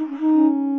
嗯哼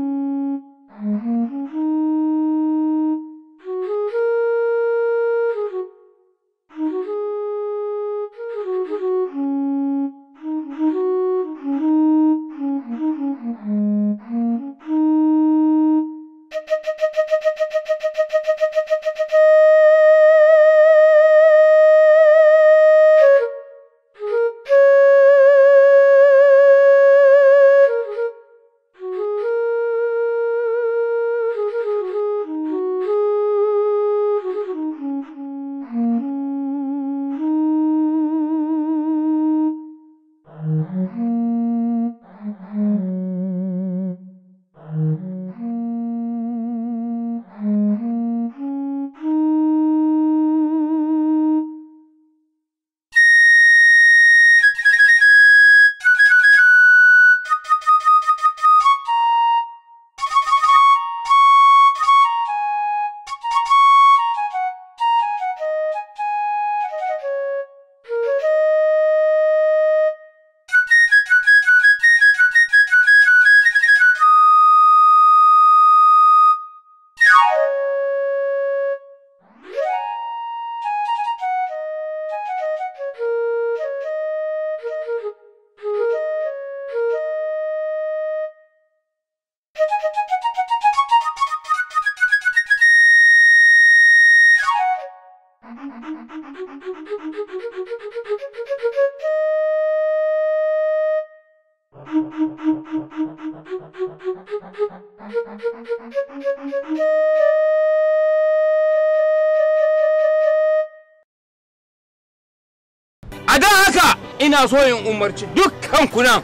A da haka ina so in umarci dukkan kunan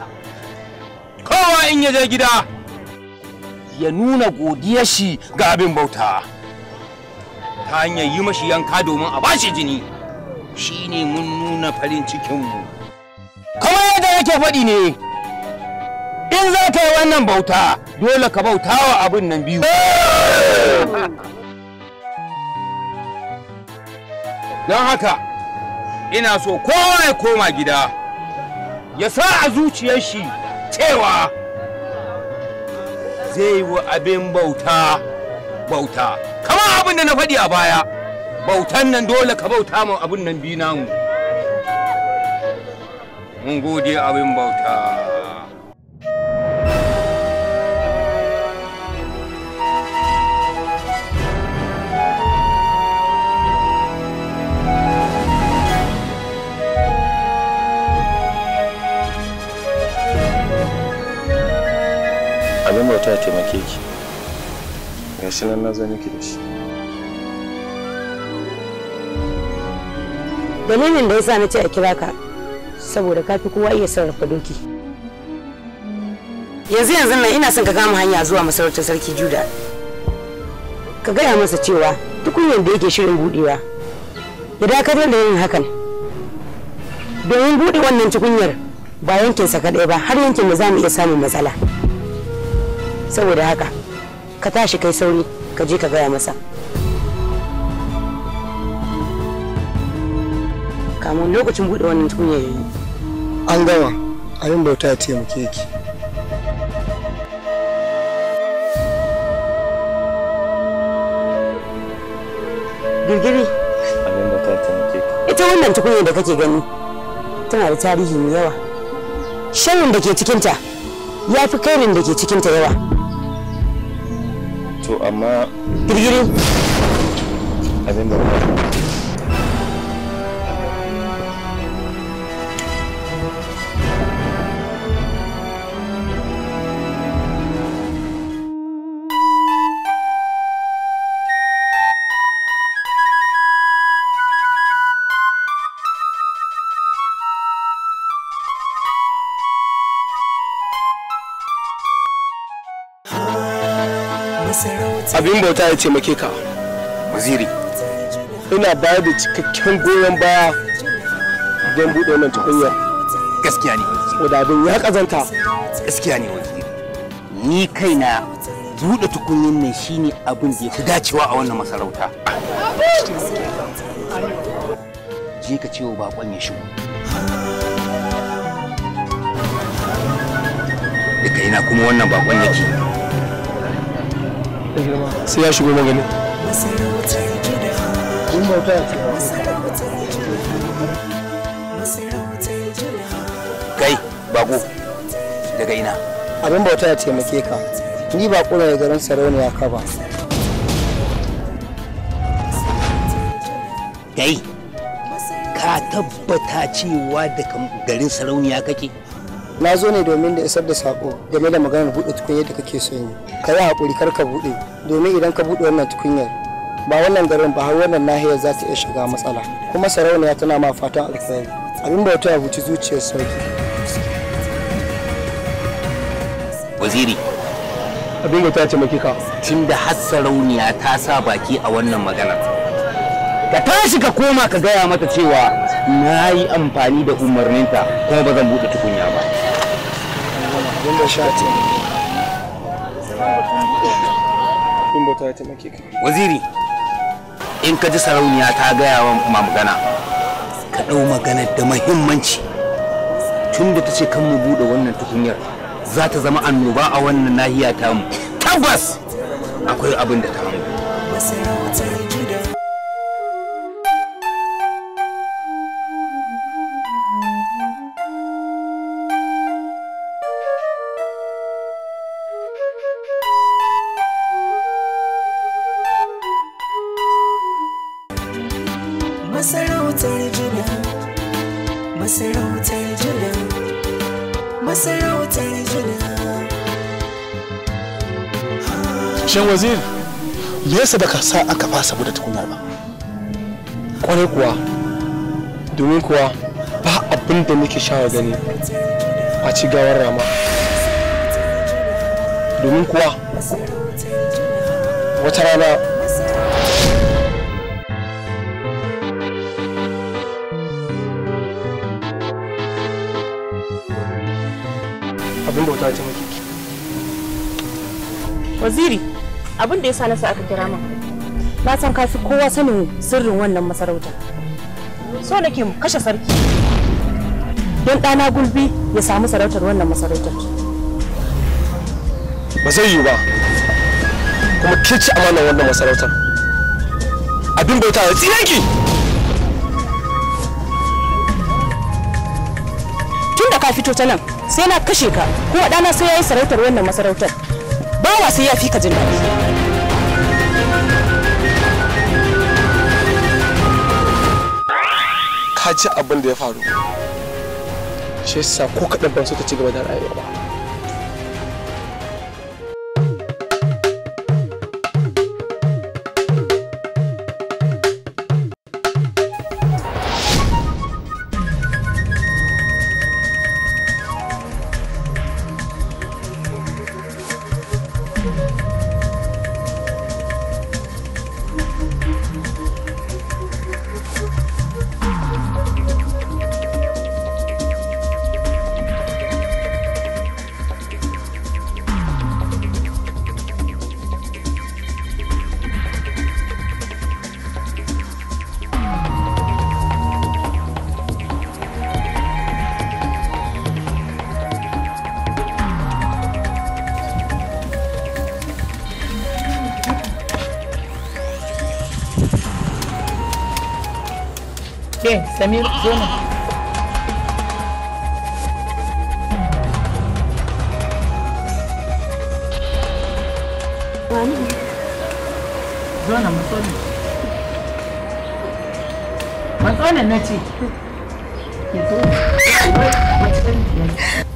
kowa in ya je gida ya nuna godiyar shi ga abin bauta ta hanyar yi mashi yanka domin a bashi jini shine mun nuna farin cikinmu. Kamar yadda yake faɗi ne. in za ka yi wannan bauta dole ka bauta wa abin nan biyu don haka ina so kowa ya koma gida ya sa a zuciyar shi cewa zai yi wa abin bauta bauta kama abin da na faɗi a baya bautan nan dole ka bauta mu abin nan biyu namu mun gode abin bauta ta taimake ki ga nan na zo miki da shi dalilin da yasa na ce a kira ka saboda ka fi kowa iya sarrafa doki yanzu yanzu nan ina son ka kama hanya zuwa masarautar sarki juda ka gaya masa cewa tukunyar da yake shirin budewa ya dakatar da yin hakan domin bude wannan tukunyar ba yankinsa kadai ba har yankin da za mu iya samun matsala. saboda haka ka tashi kai sauri ka je ka gaya masa kamun lokacin bude wannan tukunya ya yi an gama abin bauta ya taimake ki girgiri abin bauta ya taimake ki ita wannan tukunya da kake gani tana da tarihi mai yawa shanin da ke cikinta ya fi kairin da ke cikinta yawa to amma turjiru abin da abin bauta ya taimake ka waziri ina bayar da cikakken goyon baya don buɗe wannan tukunyar gaskiya ne wanda abin ya kazanta gaskiya ne waziri ni kaina buɗe tukunyar nan shine abin da ya fi dacewa a wannan masarauta je ka wa bakon ya shigo da kaina kuma wannan bakon yake ya shigo magani kai bako daga ina abin bauta ya taimake ka ni ba kura ya garin sarauniya ka ba kai ka tabbata cewa daga garin sarauniya kake na zo ne domin da isar da sako game da maganar buɗe tukunyar da kake so yi ka yi haƙuri kar ka buɗe domin idan ka buɗe wannan tukunyar ba wannan garin ba har wannan nahiyar za ta iya shiga matsala kuma sarauniya tana ma fatan alkhairi abin bauta ya buci zuciyar sauki waziri abin ta ce makika tun da har sarauniya ta sa baki a wannan magana ka tashi ka koma ka gaya mata cewa na yi amfani da umarninta kuma ba zan buɗe tukunya waziri in ka ji sarauniya ta gaya wa magana ka ɗau magana da mahimmanci tun da ta ce kan mu buɗe wannan tukunyar za ta zama annoba a wannan nahiya tamu tabbas akwai abin da ta hango Brazil me yasa baka sa aka fasa bude tukunyar ba kwarai kuwa domin kuwa ba abin da nake gani a ci gawar rama domin kuwa wata rana waziri abin da ya sa na sa aka kira min na san ka fi kowa sanin sirrin wannan masarauta so nake kashe sarki don ɗana gulbi ya samu sarautar wannan masarautar ba zai yi ba kuma ke ci amanar wannan masarautar abin bauta da tsiranki tun da ka fito ta nan sai na kashe ka kuma ɗana sai ya yi sarautar wannan masarautar ba wa sai ya fi ka jin daɗi ka ji abin da ya faru shi yasa ko kaɗan ban so ta ci gaba da rayuwa ba Samir, zo na ce.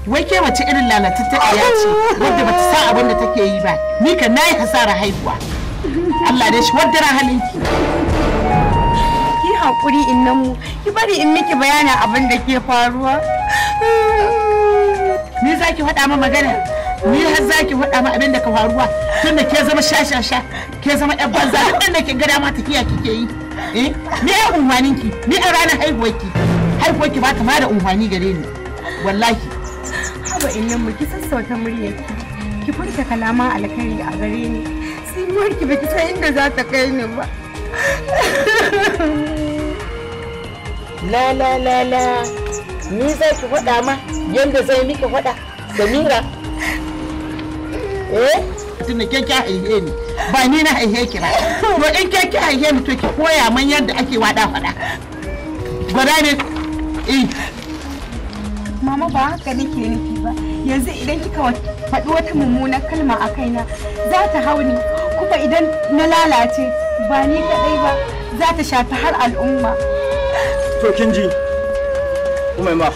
Wai ke wace irin lalatattun ya ce wadda bata sa abin da take yi ba, ni ka na yi hasara haihuwa. Allah dai shi wadda halin ki. haƙuri innan mu ki bari in miki bayanin abin da ke faruwa ni za ki faɗa ma magana ni har za ki faɗa ma abin da ka faruwa tun da ke zama shashasha ke zama ɗan banza ɗan da ke gada ma tafiya kike yi eh ni ai umfanin ki ni a ranar haihuwar ki haihuwar ki ba ta ma da umfani gare ni wallahi haba innan mu ki sassauta muryar ki ki furta kalaman alkhairi a gare ni sai ki baki san inda za ta kai ni ba la la la la ni za ki faɗa ma yadda zai miki faɗa samira eh tunda ke ki haihe ni ba ni na haihe ki ba to in ke ki haihe ni to ki koya man yadda ake wada faɗa gwada ne eh mama ba haka nake nufi ba yanzu idan kika faɗi wata mummuna kalma a kaina za ta hauni kuma idan na lalace ba ni kaɗai ba za ta shafi har al'umma to kin ji ma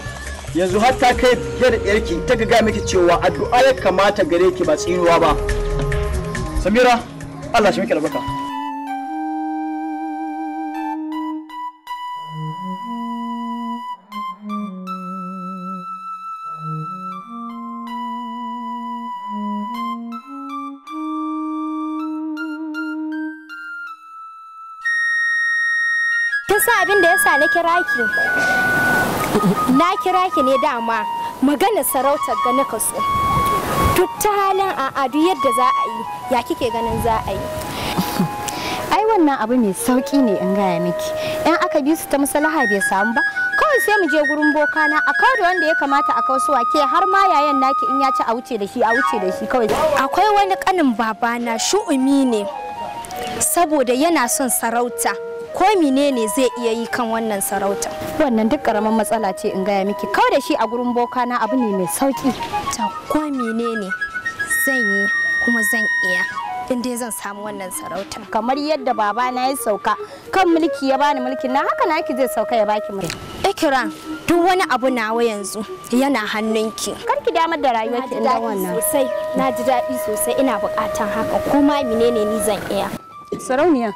yanzu har ta kai yar yarki ta ga miki cewa addu'a ya kamata gare ki ba tsinuwa ba samira Allah shi miki albarka san abin da yasa na kira ki na kira ki ne dama magana sarautar ga nika so duk ta halin adu yadda za a yi ya kike ganin za a yi ai wannan abu mai sauki ne in gaya miki in aka bi su ta masalaha bai samu ba kawai sai mu je gurin bokana na a kawo da wanda ya kamata a kawo suwa ke har ma yayan naki in ya ci a wuce da shi a wuce da shi kawai akwai wani kanin babana shu'umi ne saboda yana son sarauta ko menene zai iya yi kan wannan sarauta wannan duk karamin matsala ce in gaya miki kawai da shi a gurin boka na abu ne mai sauki ta ko menene zan yi kuma zan iya in dai zan samu wannan sarauta kamar yadda baba na ya sauka kan mulki ya bani mulki na haka naki zai sauka ya baki mulki ikira duk wani abu na nawa yanzu yana hannunki kar ki damar da rayuwarki ina wannan sosai na ji daɗi sosai ina buƙatan haka kuma menene ni zan iya sarauniya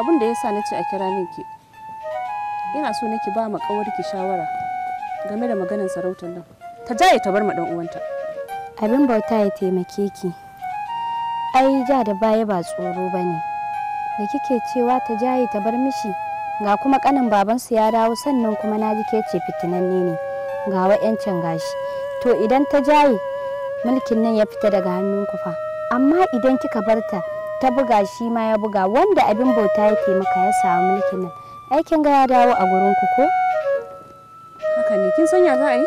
abin da yasa na ce a kira ki ina so nake ba makawar ki shawara game da maganar sarautar nan ta jaye ta bar ma dan uwanta abin bauta ya taimake ki ai ja da baya ba tsoro bane da kike cewa ta jaye ta bar mishi ga kuma kanin babansu ya dawo sannan kuma na ji ke ce fitinanne ne ga wa'yancan gashi to idan ta jaye mulkin nan ya fita daga hannunku fa amma idan kika barta ta buga shi ma ya buga wanda abin bauta ya taimaka ya samu mulkin nan aikin ga ya dawo a gurin ku ko haka ne kin sanya za a yi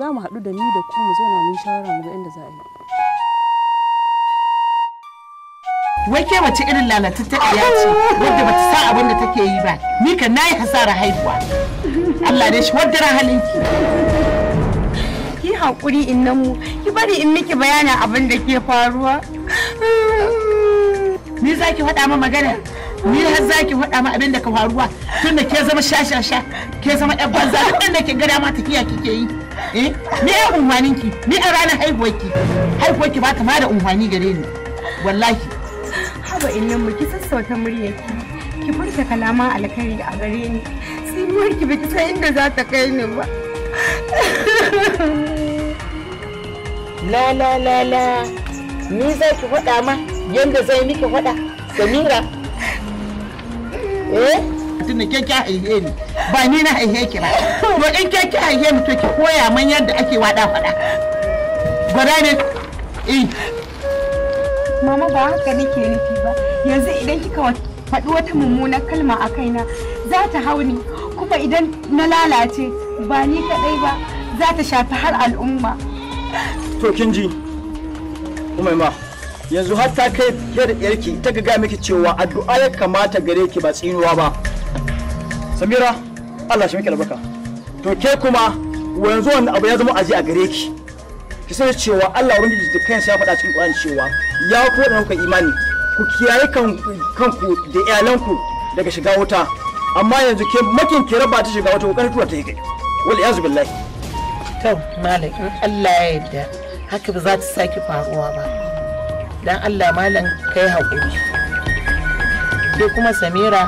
za mu haɗu da ni da ku mu zo mun shawara mu ga inda za a yi wai ke wace irin ta ya ce wadda bata sa abin da take yi ba ni ka nayi hasara haihuwa Allah dai shi wadda halin ki haƙuri nan mu ki bari in miki bayanin abin da ke faruwa ni za ki faɗa ma magana ni har za ki faɗa ma abin da ka faruwa tun da ke zama shashasha ke zama ɗan banza da ke gada ma tafiya kike yi eh ni ai unhwanin ki ni a ranar haihuwar ki haihuwar ki ba ta ma da unhwani gare ni wallahi haba nan mu ki sassauta muryar ki ki furta kalaman alkhairi a gare ni sai ki baki san inda za ta kai ni ba la la la la ni zai ki faɗa ma yadda zai miki faɗa samira eh tunda ke ki haihe ne ba ni na haihe ki ba to in ke ke haihe mu to ki koya man yadda ake wada faɗa gwada ne eh mama ba haka nake nufi ba yanzu idan kika faɗi wata mummunar kalma a kaina za ta hauni kuma idan na lalace ba ni kaɗai ba za ta shafi har al'umma to kin ji ma yanzu har ta kai ya da yarki ta ga ga miki cewa addu'a ya kamata gare ki ba tsinuwa ba samira Allah shi miki albarka to ke kuma yanzu wannan abu ya zama aji a gare ki ki sani cewa Allah ubangiji da kansa ya faɗa cikin Qur'ani cewa ya ku da kuka imani ku kiyaye kanku da iyalanku daga shiga wuta amma yanzu ke makin ki raba ta shiga wuta kokarin tura ta yi kai wal iyaz billahi to malik Allah ya yarda haka ba za ta sake faruwa ba dan allah malam kai haƙuri ke kuma samira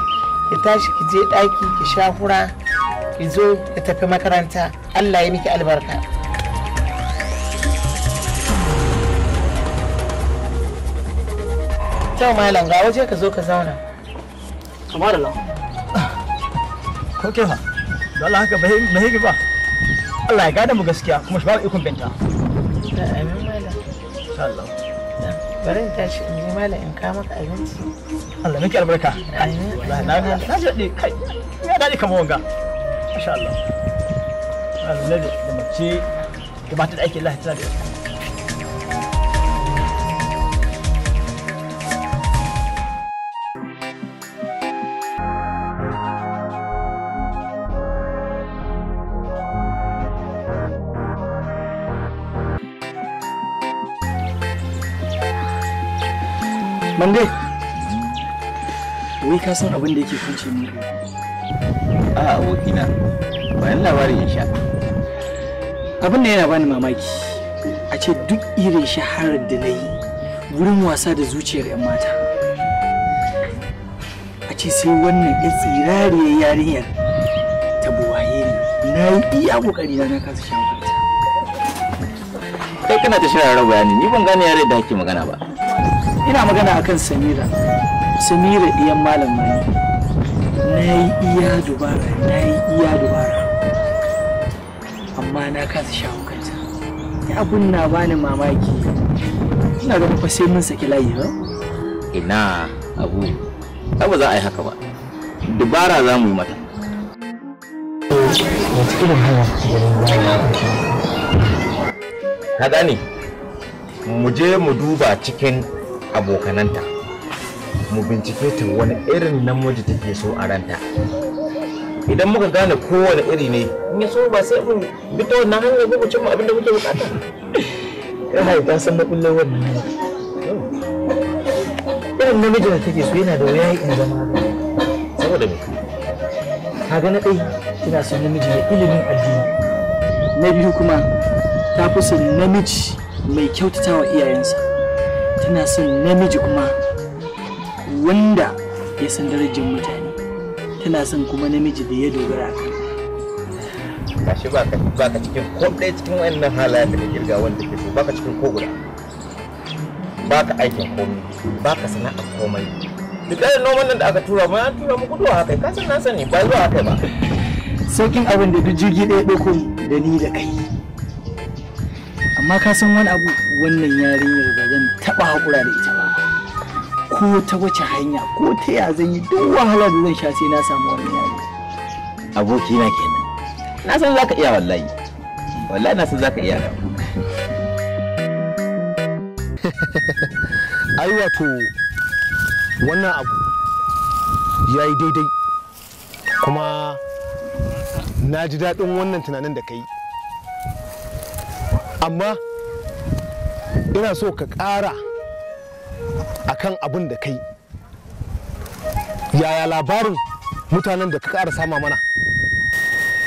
ki tashi ki je ɗaki ki sha hura ki zo ki tafi makaranta allah ya miki albarka kyau malam ga waje ka zo ka zauna ko ke fa da Allah haka bai ba Allah ya gada mu gaskiya kuma shi ba ikon binta da amin malam tashi in je malam in kawo maka abinci Allah miki albarka amin na na ji daɗi kai ya daɗi kamar wanga da mace Mande, wai ka san abin da yake kunce min A abokina, bayan labarin ya sha. Abin da yana bani mamaki, a ce duk irin shaharar da na yi wurin wasa da zuciyar 'yan mata. A ce sai wannan ya tsirariyar yarinyar ta buwaye ni, na yi iya kokari na kasa shan kai kana ta shirya bayani ni ban gane yare da ake magana ba ina magana akan samira samira ɗiyan malam mani na yi iya dubara na yi iya dubara amma na kasa shawo kanta abun na bani mamaki ina ga fa sai mun saki layi ba ina abu ba za a yi haka ba dubara za mu yi mata ka gane mu je mu duba cikin abokananta mu bincike ta wani irin namiji take so a ranta idan muka gane kowane iri ne in so ba sai mun bi ta wannan hanyar ba abin da muke bukata kai ta san na kullu wannan irin namiji da take so yana da wuya in zama saboda me ka ga na dai ina son namiji mai ilimin addini na biyu kuma ta fi son namiji mai kyautatawa iyayensa tana son namiji kuma wanda ya san darajar mutane tana son kuma namiji da ya dogara kan gashi ba ka cikin ko ɗaya cikin wayannan halayen da ka girga wanda ke so ba ka cikin ko guda ba ka aikin komai ba ka sana'a komai duk da noman nan da aka tura mu an tura mu gudu haka ka san na sani ba zuwa haka ba saukin abin da duk jirgi ɗaya ɗauko da ni da kai amma ka san wani abu wannan yarinyar ba zan taɓa haƙura da ita ba ko ta wace hanya ko ta ya zan yi duk wahala da zan sha sai na samu wannan yari abokina kenan na san zaka iya wallahi wallahi na san zaka iya ai wato wannan abu ya yi daidai kuma na ji daɗin wannan tunanin da ka yi amma ina so ka ƙara akan abin da kai yaya labarin mutanen da ka ƙara sama mana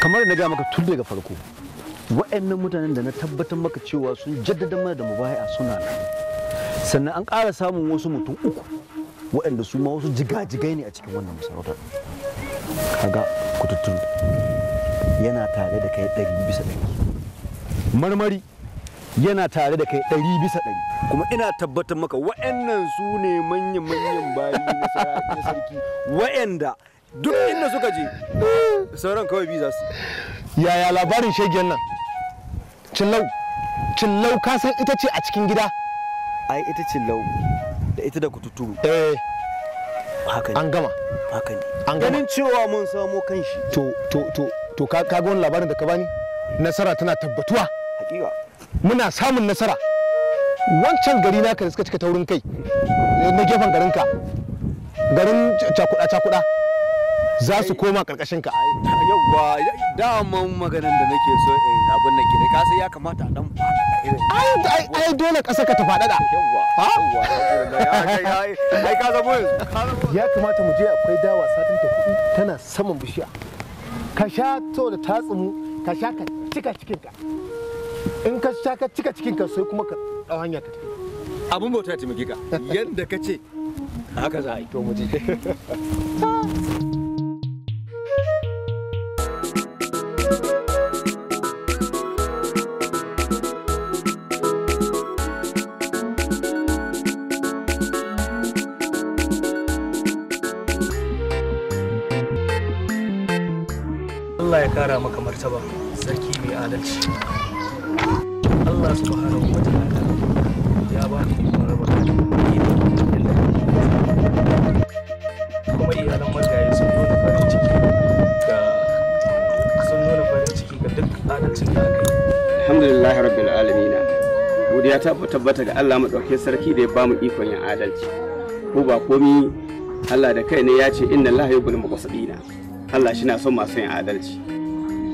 kamar na gaya maka tun daga farko wa'annan mutanen da na tabbatar maka cewa sun jaddada mana da mubaya suna nan sannan an ƙara samun wasu mutum uku wa'anda su ma wasu jigajigai ne a cikin wannan masarautar kaga kututtun yana tare da kai ɗari bisa ɗari marmari yana tare da kai ɗari bisa ɗari kuma ina tabbatar maka wa'annan su ne manya-manyan bayi na sarki wa'anda duk inda suka je sauran kawai biza su yaya labarin shegen nan cillau cillau ka san ita ce a cikin gida ai ita cillau da ita da kututu eh haka an gama haka ne an gama ganin cewa mun samo kanshi to to to to ka ga wani labarin da ka bani nasara tana tabbatuwa hakika muna samun nasara wancan gari naka da suka cika taurin kai eh, na gefen garinka garin cakuda-cakuda za su koma karkashin ka yauwa daman maganin da nake so in abin da ke ka sai ya kamata a dan faɗaɗa ai ai dole ka saka ta faɗaɗa ai ka zabo ya kamata mu je akwai dawa satin ta kuɗi tana saman bishiya ka sha to da tatsumu ka sha ka cika cikinka in ka sha ka cika cikin ka sai kuma ka dau hanya ka tafi abun bauta ta miki ka yanda ka ce haka za a yi to mu je Allah ya kara maka martaba sarki mai adalci Allah subhanahu wa ta'ala ya ba ni ikon da kuma iyalan magaye sun nuna farin ciki ga sun nuna farin ciki ga duk adalcin da aka yi alhamdulillah rabbil alamin godiya ta tabbata ga Allah madaukakin sarki da ya bamu ikon yin adalci ko ba komi Allah da kai ne ya ce inna Allah yubbul muqsidina Allah shi na son masu yin adalci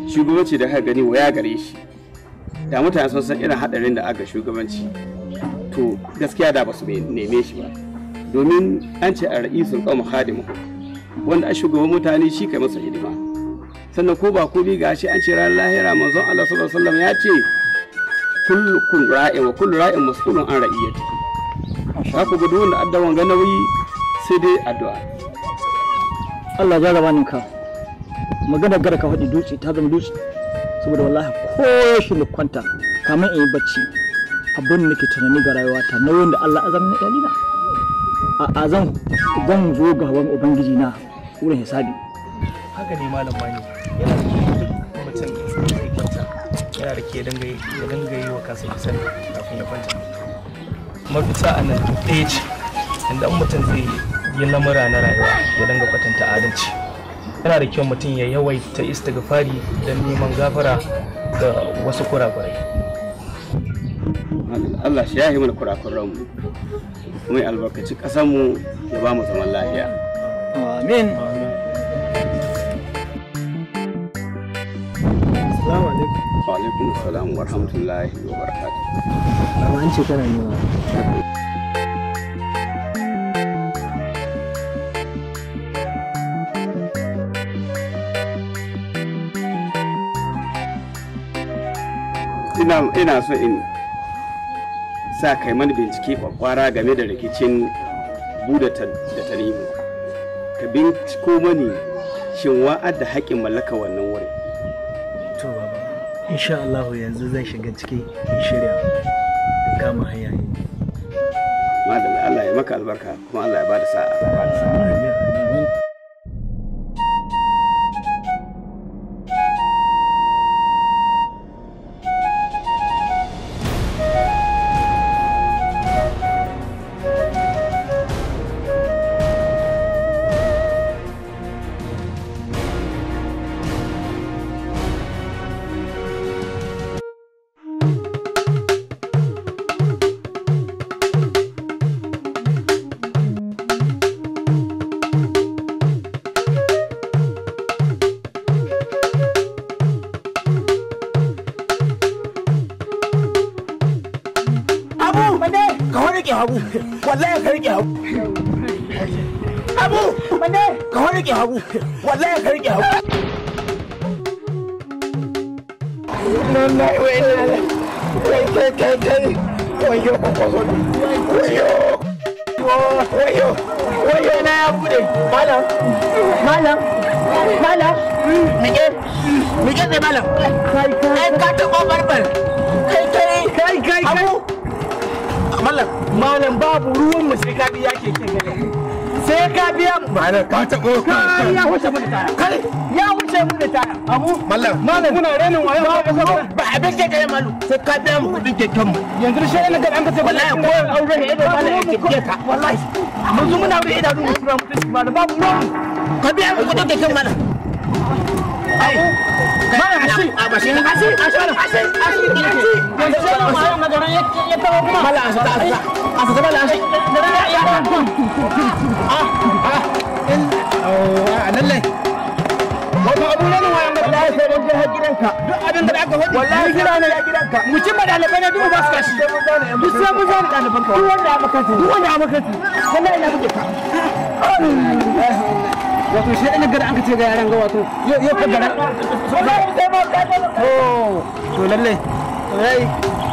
shugabanci da ka gani waya gare shi da mutane sun san irin hadarin da aka shugabanci to gaskiya da ba su neme shi ba domin an ce a ra'isul qawm khadimu wanda a shugaban mutane shi kai masa hidima sannan ko ba ko bi shi an ce ran lahira manzon Allah sallallahu alaihi wasallam ya ce kullukum ra'in wa kullu ra'in mas'ulun an ra'iyati ku gudu wanda addawan ga nauyi sai dai addu'a Allah ya gabanin ninka, magana gara ka faɗi dutse ta zama dutse saboda wallahi ko shi ne kwanta kamar in yi bacci abin da ke tunani ga rayuwata nauyin da Allah azam na iyalina a azan zan zo ga wani ubangiji na wurin hisabi haka ne malam bani yana da mutum zai kwanta yana da ke danga ya danga yi wa kansa kusan kafin ya kwanta mafita a nan ɗaya ce inda mutum zai yi lamura na rayuwa ya danga kwatanta adalci yana da kyau mutum ya yawaita istighfari don neman gafara ga wasu kurakurai Allah shi ya yi mana kurakurai mu kuma ya albarkaci ƙasar mu ya ba mu zaman lafiya amin Assalamu alaikum. Wa alaikum salam wa rahmatullahi wa barakatuh. Amma an ce kana nuna. ina so in sa kai mani bincike kwakwara game da rikicin buda da tarihi ka binciko mani shin wa'ad da haƙƙin mallaka wannan wurin to baba insha Allah yanzu zan shiga ciki in shirya in kama hanya ne madalla Allah ya maka albarka kuma Allah ya bada sa'a wallahi ka rike hagu abu đi này gì wanda ka rike hagu wallahi ka rike hagu lallai wai lallai wai kai kai kai wayo kwakwazo wayo wayo wayo na ya bude malam malam malam mike mike sai malam kai kai kai ta kofar kai kai kai kai abu malam malam babu ruwan mu sai ka biya ke gani sai ka biya mu malam ka ta ka ya wuce mu da kai ya wuce mu da tara amu malam malam muna renin wayo ba abin ke kai malu sai ka biya mu kudin ke kan mu yanzu shi ne ga an ka sai wallahi ko aure ne da malam ke keka wallahi mun zo muna aure da dun mutum mutum malam babu ruwan ka biya mu kudin ke kan malam mutum ba dalibai na duk ba su kashi duk sai mun zana daliban ka duk wanda ya makasi duk wanda ya makasi wallahi na muke ka wato shi ɗan gada an ka ce ga yaran ga wato yau fa gara to lallai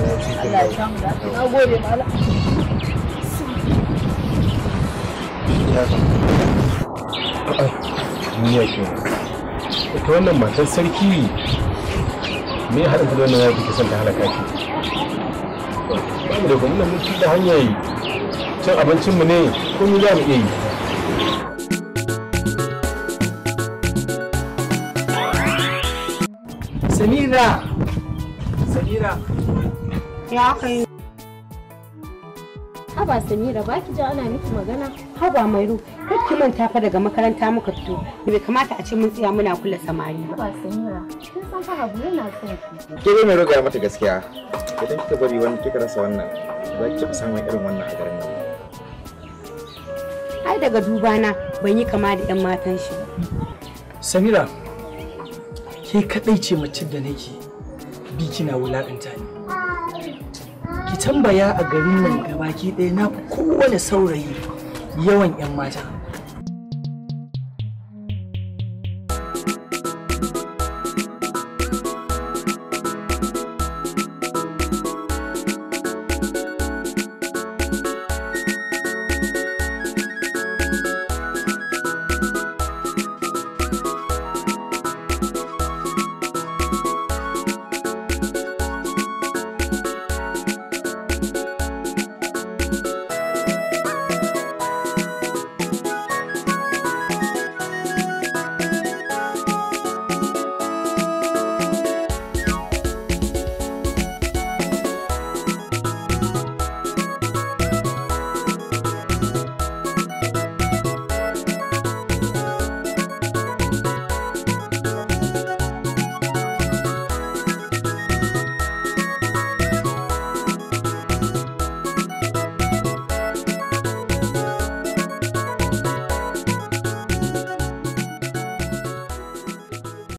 Allah sarki me haɗin da wannan mu ne za iya yi. Samira! ya kai haba samira ba ki ji ana miki magana haba mairu kar ki manta fa daga makaranta muka fito bai kamata a ce mun tsaya muna kula samari haba samira kin san fa habu yana son ki ke dai mai roga mata gaskiya idan kika bari wani kika rasa wannan za ki tafi samun irin wannan a garin nan ai daga duba na ban yi kama da yan matan shi samira ke kadai ce mace da nake bi kina wulakanta ni ki tambaya a garin nan gabaki ɗaya na kowane saurayi yawan 'yan mata